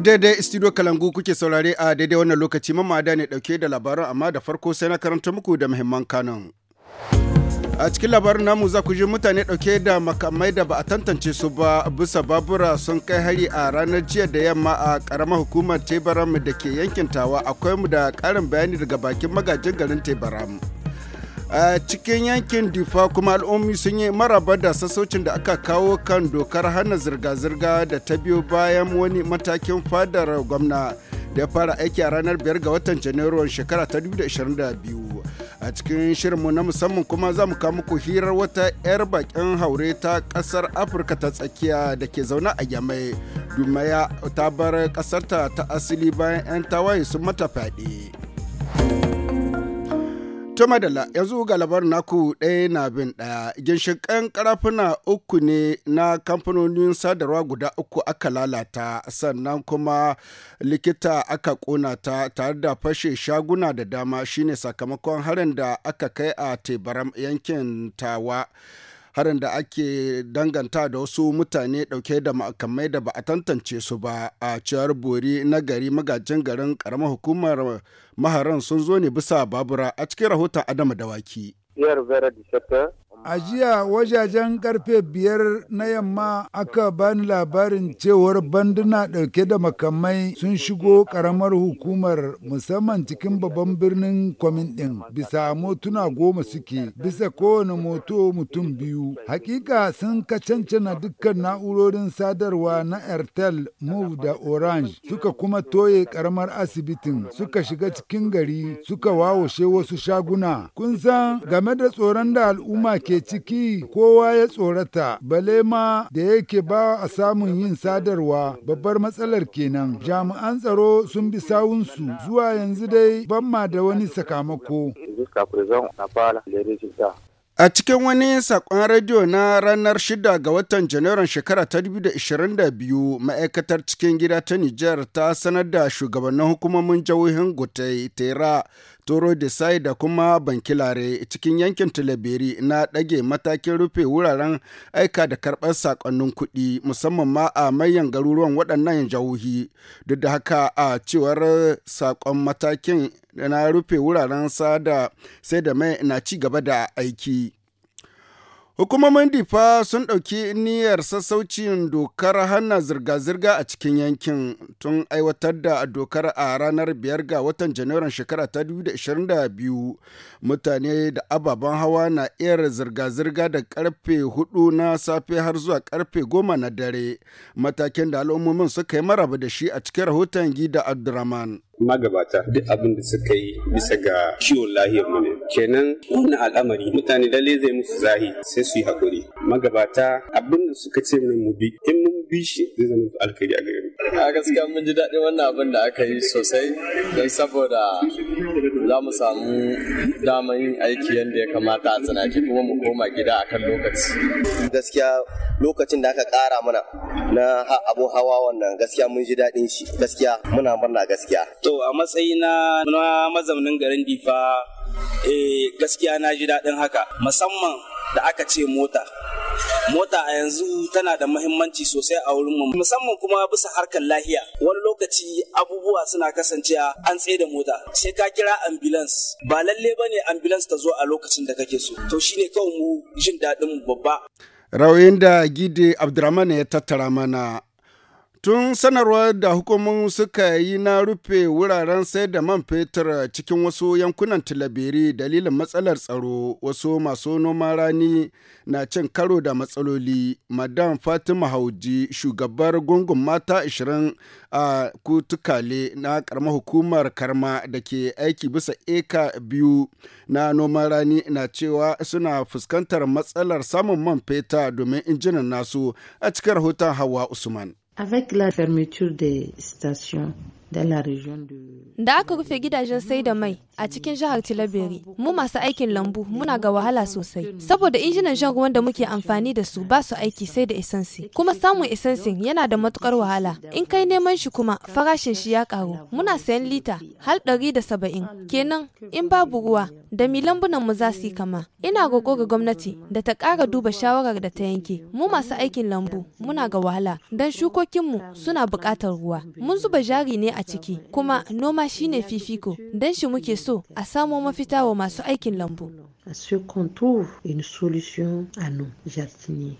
Daidai studio Kalangu kuke saurare a daidai wannan lokaci mamada ne dauke da labaran amma da farko sai na karanta muku da muhimman kanon a cikin labarin namu za ku ji mutane dauke da makamai da ba a tantance su ba bisa babura sun kai hari a ranar jiya da yamma a karamar hukumar tebaram da ke yankin tawa akwai mu da karin bayani daga bakin magajin garin tebaram a cikin yankin difa kuma al'ummi sun yi maraba da sassocin da aka kawo kan dokar hana zirga-zirga da ta biyo bayan wani matakin fadar gwamna da ya fara aiki a ranar 5 ga watan janairun shekara ta 2022 a cikin shirinmu na musamman kuma za mu kawo muku hirar wata 'yar bakin haure ta kasar afirka ta tsakiya da ke zaune a yamai dumaya ta bar kasarta ta asili bayan 'yan tawaye sun mata fyaɗe. To madalla yanzu ga labar naku ɗaya na bin ɗaya ginshiƙan karafuna uku ne na kamfanonin sadarwa guda uku aka lalata sannan kuma likita aka ƙona ta tare da fashe shaguna da dama shine sakamakon harin da aka kai a tebaram yankin tawa. harin da ake danganta da wasu mutane dauke da makamai da ba a tantance su ba a ciyar bori na gari magajin garin karamar hukumar maharan sun zo ne bisa babura a cikin rahoton adama dawaki. A jiya wajajen karfe biyar na yamma aka bani labarin cewar banduna ɗauke da makamai sun shigo ƙaramar hukumar musamman cikin babban birnin kwamin ɗin bisa motuna goma suke bisa kowane moto mutum biyu. Hakika sun ka cancana dukkan na'urorin sadarwa na Airtel, Move da Orange suka kuma toye ƙaramar asibitin suka shiga cikin gari suka wawashe wasu shaguna. Kun san game da tsoron da al'umma ke ciki kowa ya tsorata bale ma da yake ba a samun yin sadarwa babbar matsalar kenan jami'an tsaro sun bi sawunsu zuwa yanzu dai ban ma da wani sakamako. A cikin wani saƙon rediyo na ranar 6 ga watan Janairun shekara ta 2022, ma'aikatar cikin gida ta Nijar ta sanar da shugabannin hukumomin jihohin Gutai, Tera, Toro Desai da kuma Bankilare cikin yankin Tulaberi na ɗage matakin rufe wuraren aika da karɓar sakonnin kuɗi musamman ma a mayan garuruwan waɗannan jihohi. Duk da haka a cewar saƙon matakin na rufe wuraren sada sai da mai na ci gaba da aiki. Hukumomin Difa sun ɗauki niyyar sassaucin dokar hana zirga-zirga a cikin yankin tun aiwatar da dokar a ranar biyar ga watan Janairun shekara ta 2022. Mutane da ababen hawa na iya zirga-zirga da karfe 4 na safe har zuwa karfe 10 na dare, matakin da al'ummomin suka yi maraba da shi a cikin rahoton Gida Abdurrahman. magabata duk abin da suka yi bisa ga kiwon lahiyar mu ne kenan kuna al'amari mutane dalle zai musu zahi sai su yi hakuri magabata abin da suka ce mu bi in mun bi shi zai zama alkhairi a gare a gaskiya mun ji daɗin wannan abin da aka yi sosai don saboda za mu samu damar yin aiki yadda ya kamata a tsanaki kuma mu koma gida a kan lokaci gaskiya lokacin da aka ƙara mana na abu hawa wannan gaskiya mun ji daɗin shi gaskiya muna murna gaskiya to a matsayi na mazaunin garin difa eh, gaskiya na ji daɗin haka musamman da aka ce mota mota a yanzu tana da mahimmanci sosai a wurin mu musamman kuma bisa harkar lahiya wani lokaci abubuwa suna kasancewa an tsaye da mota sai ka kira ambulance ba lalle ne ambulance ta zo a lokacin da kake so to shine kawai mu jin daɗin babba rauyin da gide abdurrahman ya tattara mana Tun sanarwar da hukumun suka yi na rufe wuraren sai da man fetur cikin wasu yankunan tilabiri dalilin matsalar tsaro wasu masu noma rani na cin karo da matsaloli. Madam Fatima Hauji shugabar gungun mata 20 a kutukale na karma hukumar karma da ke aiki bisa eka biyu na noma rani na cewa suna fuskantar matsalar samun man fetur domin injinan nasu a cikin rahoton Hawa Usman. Avec la fermeture des stations dans la région de... Da aka rufe gidajen sai da mai a cikin jihar tilabiri Mu masu aikin lambu muna ga wahala sosai. Saboda injinan shan ruwan da muke amfani da su ba su aiki sai da esansi. Kuma samun esansin yana da matukar wahala. In kai neman shi kuma farashin shi ya karu. Muna sayan lita har ɗari da saba'in. Kenan in babu ruwa da mi lambunan mu za su yi kama. Ina roƙo ga gwamnati da ta ƙara duba shawarar da ta yanke. Mu masu aikin lambu muna ga wahala shukokin shukokinmu suna buƙatar ruwa. Mun zuba jari ne a ciki kuma noma shine fifiko dan shi muke so so a samu mafita wa masu aikin lambu. À ce qu'on trouve une solution à nos jardiniers.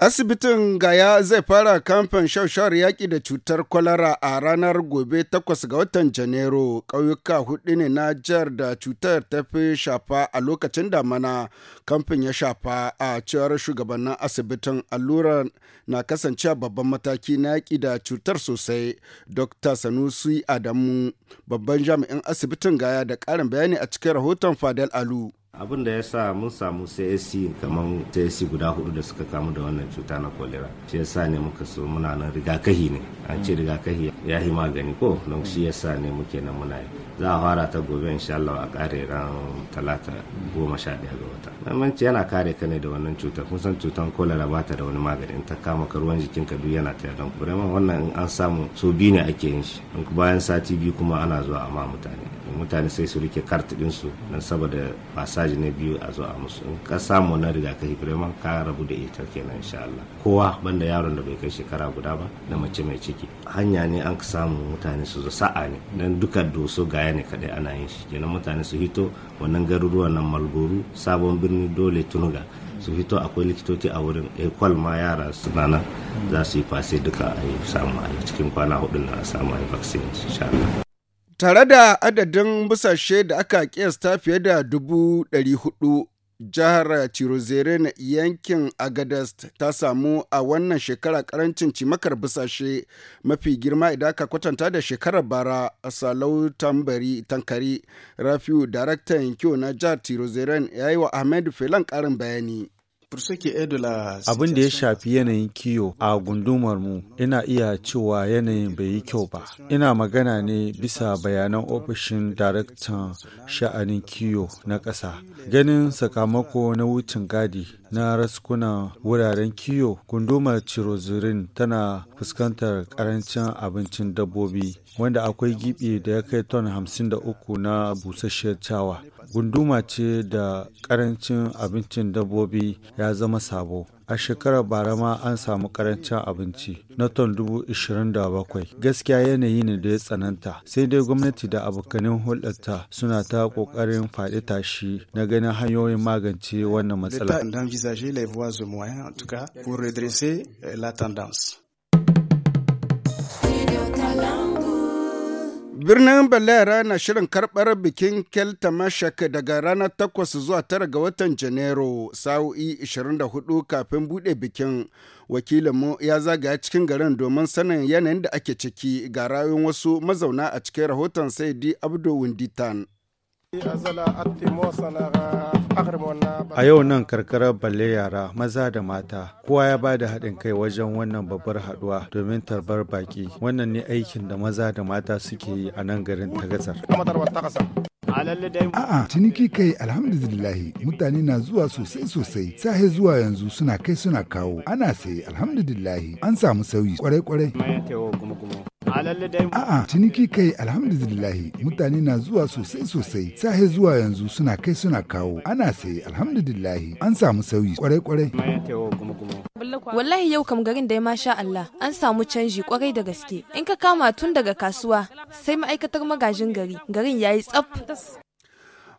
Asibitin Gaya zai fara kamfen shaushar yaƙi da cutar kwalara a ranar gobe 8 ga watan Janairu. Ƙauyuka hudu ne na jihar da cutar ta fi shafa a lokacin damana. Kamfen ya shafa a cewar shugabannin asibitin allura na kasancewa babban mataki na yaƙi da cutar sosai. Dr. Sanusi Adamu, babban jami'in asibitin Gaya da ƙarin bayani a cikin rahoton Fadel Alu. abin da ya sa mun samu csc kamar csc guda hudu da suka kamu da wannan cuta na kolera shi ya sa ne muka so muna nan rigakahi ne an ce hmm. rigakahi ya yi magani ko don shi ya sa ne muke nan muna yi za a fara ta gobe insha Allah a kare ran talata goma sha ɗaya ga wata mahimmanci yana kare ka ne da wannan cuta kun san cutar kolera ba ta da wani magani in ta kama ka ruwan jikin ka duk yana tare don kuma wannan an samu so biyu ne ake yin shi bayan sati biyu kuma ana zuwa a ma mutane mutane sai su rike kart su don saboda fasaji na biyu a zo a musu in ka samu na rigakafi fireman ka rabu da ita kenan insha Allah kowa banda yaron da bai kai shekara guda ba da mace mai ciki hanya ne an samu mutane su zo sa'a ne dan duka doso gaya ne kadai ana yin shi kenan mutane su hito wannan garuruwan nan malgoru sabon birni dole tunuga su fito akwai likitoci a wurin ekwal eh, ma yara su nana za su yi fase duka a yi samu a cikin kwana hudu na samu a yi vaccine insha Allah Tare da adadin busashe da aka kiyasta fiye da dubu ɗari hudu, jihar Tirozere na yankin Agadas ta samu a wannan shekara karancin cimakar busashe mafi girma idan aka kwatanta da shekarar bara a Salau Tambari Tankari Rafiu daraktan kyau na jihar Tirozere ya yi wa Ahmed Felan karin bayani. Abin da ya shafi yanayin kiyo a gundumar mu ina iya cewa yanayin bai yi kyau ba. Ina magana ne bisa bayanan ofishin daraktan sha'anin kiyo na ƙasa. Ganin sakamako na wucin gadi na raskunan wuraren kiyo, gundumar Cirozirin tana fuskantar ƙarancin abincin dabbobi wanda akwai gibi da ya kai ton 53 na busasshiyar cawa. gunduma ce da karancin abincin dabbobi ya zama sabo. A shekarar bara ma an samu karancin abinci na ton dubu Gaskiya yanayi ne da ya tsananta. Sai dai gwamnati da abokanin hulɗarta suna ta ƙoƙarin faɗi tashi na ganin hanyoyin magance wannan matsala. Birnin Balera na shirin karɓar bikin Keltamashak daga ranar takwas zuwa tara ga watan Janairu, sa'o'i 24 kafin buɗe bikin. Wakilinmu ya zagaya cikin garin domin sanin yanayin da ake ciki ga rayuwar wasu mazauna a cikin rahoton Saidi Abdu Winditan. A yau nan karkarar balle yara maza da mata kowa ya ba da haɗin kai wajen wannan babbar haɗuwa domin tarbar baki wannan ne aikin da maza da mata suke yi a nan garin ta gasar. A'a, ciniki kai alhamdulillahi mutane na zuwa sosai sosai sahe zuwa yanzu suna kai suna kawo ana sayi alhamdulillahi an samu sauyi kwarai kwarai. A'a, ciniki kai alhamdulillahi mutane na zuwa sosai sosai sahe zuwa yanzu suna kai suna kawo ana sayi, alhamdulillahi an samu sauyi kwarai kwarai. Wallahi yau kam garin da ma sha Allah an samu canji kwarai da gaske in ka kama tun daga kasuwa sai ma'aikatar magajin gari garin yayi tsaf.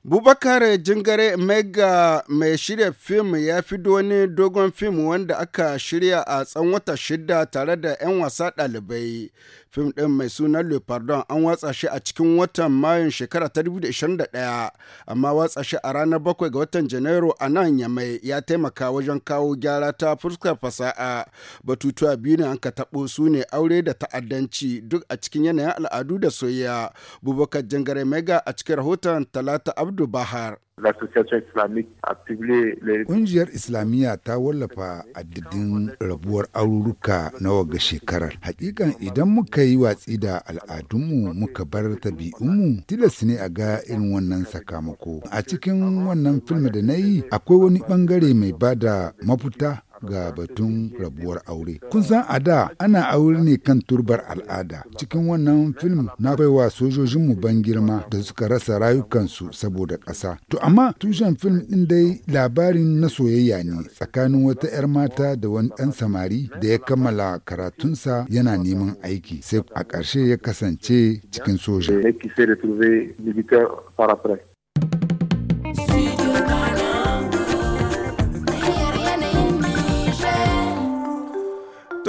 Bubakar Jingare Mega mai shirya fim ya fido wani dogon fim wanda aka shirya a tsan wata shida tare da 'yan wasa ɗalibai. fim ɗin mai sunan le pardon an watsa shi a cikin watan mayun shekara ta 2021 amma watsa shi a ranar bakwai ga watan janairu a nan ya mai, ya taimaka wajen kawo gyara ta fuskar fasa'a batutuwa biyu ne an ka taɓo su ne aure da ta'addanci duk a cikin yanayin al'adu da soyayya bubakar jangare mega a cikin rahoton talata abdu bahar l'Association Islamique a publié les... Ƙungiyar Islamiyya ta wallafa addadin rabuwar auruka nawa ga shekarar. Hakikan idan muka yi watsi da al'adunmu muka bar tabi'unmu tilas ne a ga irin wannan sakamako. A cikin wannan film da na yi akwai wani bangare mai bada mafuta ga batun rabuwar aure. Kun san a da ana aure ne kan turbar al'ada. Cikin wannan film na baiwa sojojinmu ban girma da suka rasa rayukansu saboda ƙasa. To amma tushen film ɗin dai labarin na soyayya ne tsakanin wata 'yar mata da wani ɗan samari da ya kammala karatunsa yana neman aiki sai a ƙarshe ya kasance cikin soja.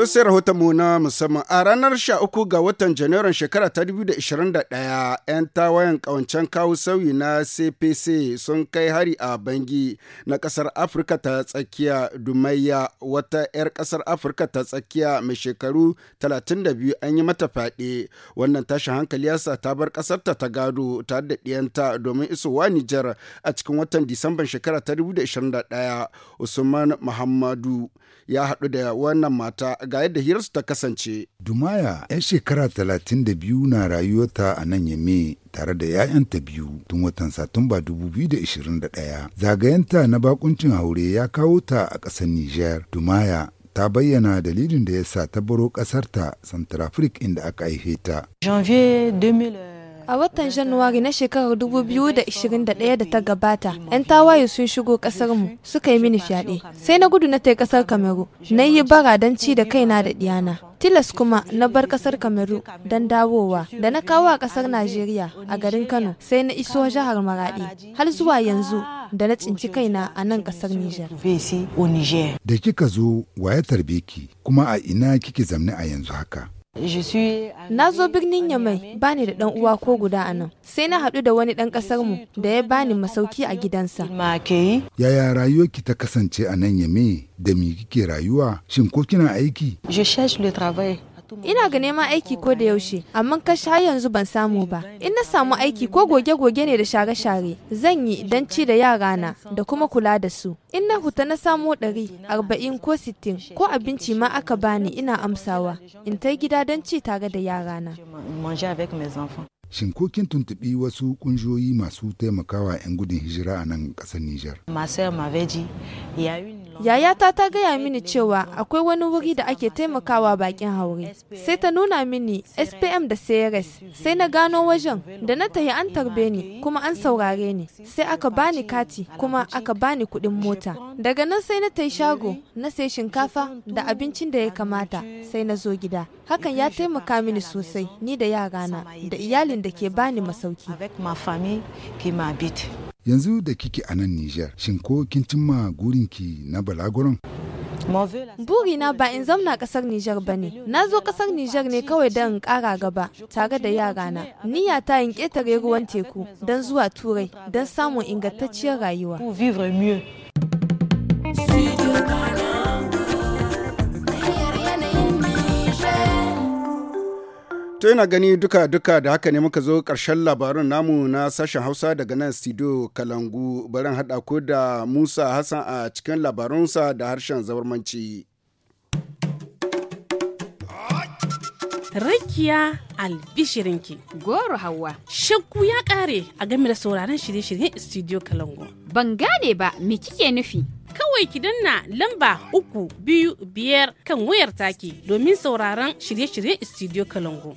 To sai rahoton mu na musamman a ranar uku ga watan Janairun shekara ta 2021 'yan tawayen kawancen kawo sauyi na CPC sun kai hari a Bangi na kasar Afirka ta tsakiya Dumayya wata 'yar kasar Afirka ta tsakiya mai shekaru 32 an yi mata fyaɗe. Wannan tashin hankali yasa ta bar kasarta ta gado tare da ɗiyanta domin isowa Nijar a cikin watan Disamban shekara ta 2021 Usman Muhammadu ya haɗu da wannan mata ga yadda hirarsu ta kasance. Dumaya 'yan shekara talatin da biyu na rayuwarta a nan Yame tare da 'ya'yanta biyu tun watan Satumba da 2021. Zagayenta na bakuncin haure ya kawo ta a ƙasar Nijar. Dumaya ta bayyana dalilin da ya sa ta baro ƙasarta Central Africa inda aka haife ta. Janvier A watan Januwari na shekarar 2021 da ta gabata, 'yan tawaye sun shigo mu suka yi mini fyaɗe. Sai na gudu na tai ƙasar Kameru, na yi bara don ci da kaina da ɗiyana. Tilas kuma na bar kasar Kameru don dawowa da na kawo a kasar Najeriya a garin Kano sai na iso jihar maraɗi har zuwa yanzu da na tsinci kaina a nan kasar Nijar. Da kika zo waya tarbe ki kuma a ina kike zamne a yanzu haka? Na zo birnin Yamai bani da ɗan uwa ko guda a nan. Sai na haɗu da wani ɗan mu da ya bani masauki a gidansa. Yaya rayuwarki ta kasance a nan Yamai da me kike rayuwa? Shin ko kina aiki? Ina ga neman aiki ko da yaushe, amma kashi har yanzu ban samu ba. In na samu aiki ko goge-goge ne da share-share, zan yi don ci da yarana da kuma kula da su. In na huta na samu ɗari, arba'in ko sittin ko abinci ma aka bani ina amsawa. In ta gida don ci tare da yarana. shinkokin ko tuntuɓi wasu ƙungiyoyi masu taimakawa 'yan gudun hijira a nan ƙasar Nijar? Yayata ta gaya mini cewa akwai wani wuri da ake taimakawa bakin haure. Sai ta nuna mini SPM da CRS. Sai na gano wajen da na tahi an tarbe ni kuma an saurare ni. Sai aka bani kati kuma aka bani kuɗin mota. Daga nan sai na tayi shago na sai shinkafa da abincin da ya kamata sai na zo gida. Hakan ya taimaka mini sosai ni da yarana da iyalin da ke bani masauki. Yanzu da kike a nan Nijar, shin ko kin cimma gurinki na balaguron? Burina ba in zamna kasar Nijar ba ne, na zo kasar Nijar ne kawai don in kara gaba tare da yarana. Niyya ta in ƙetare ruwan teku don zuwa Turai don samun ingantacciyar rayuwa. To yana gani duka-duka da haka ne muka zo karshen labarun namu na sashen Hausa daga nan studio Kalangu barin haɗa ko da Musa Hassan a cikin labarunsa da harshen zabarmanci. Rikiya albishirinki goro hawa shakku ya ƙare a game da sauraron shirye-shiryen studio Kalangu. Ban gane ba me kike nufi? kawai ki danna lamba uku biyu biyar kan wayar take domin sauraron shirye-shiryen studio kalangu